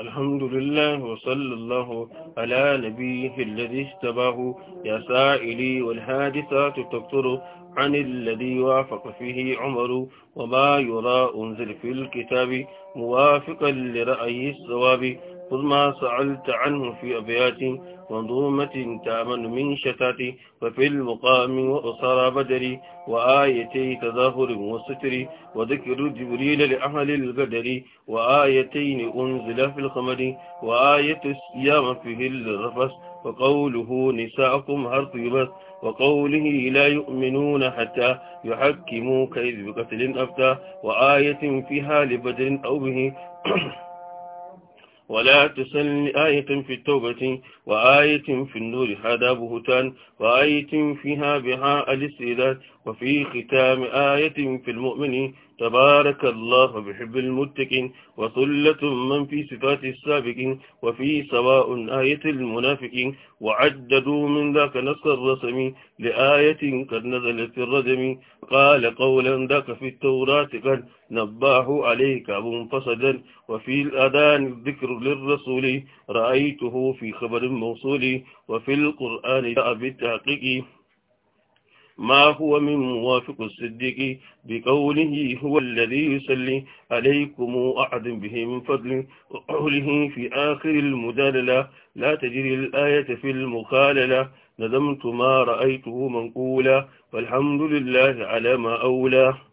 الحمد لله وصلى الله على نبيه الذي اشتباه يا سائلي والحادثات تكثر عن الذي وافق فيه عمر وما يرى أنزل في الكتاب موافقا لرأي الصواب خذ ما سألت عنه في أبيات منظومة تأمن من شتاتي وفي المقام وأسرى بدري وآيتي تظاهر وستر وذكر جبريل لأهل القدري وآيتين أنزل في الخمر وآية الصيام فيه الرفس وقوله نساءكم هرط يبث وقوله لا يؤمنون حتى يحكموك إذ بقتل أفتى وآية فيها لبدر أو به ولا تسل آية في التوبة وآية في النور هذا بهتان وآية فيها بها الاستئذان وفي ختام آية في المؤمن تبارك الله بحب المتقين وثلة من في صفات السابقين وفي سواء آية المنافقين وعددوا من ذاك نص الرسم لآية قد نزلت في الردم قال قولا ذاك في التوراة قد نباه عليك منفسدا وفي الأذان ذكر للرسول رأيته في خبر موصول وفي القرآن جاء بالتحقيق ما هو من موافق الصديق بقوله هو الذي يسلي عليكم أحد به من فضل وقوله في آخر المدللة لا تجري الآية في المخاللة ندمت ما رأيته منقولا والحمد لله على ما أولى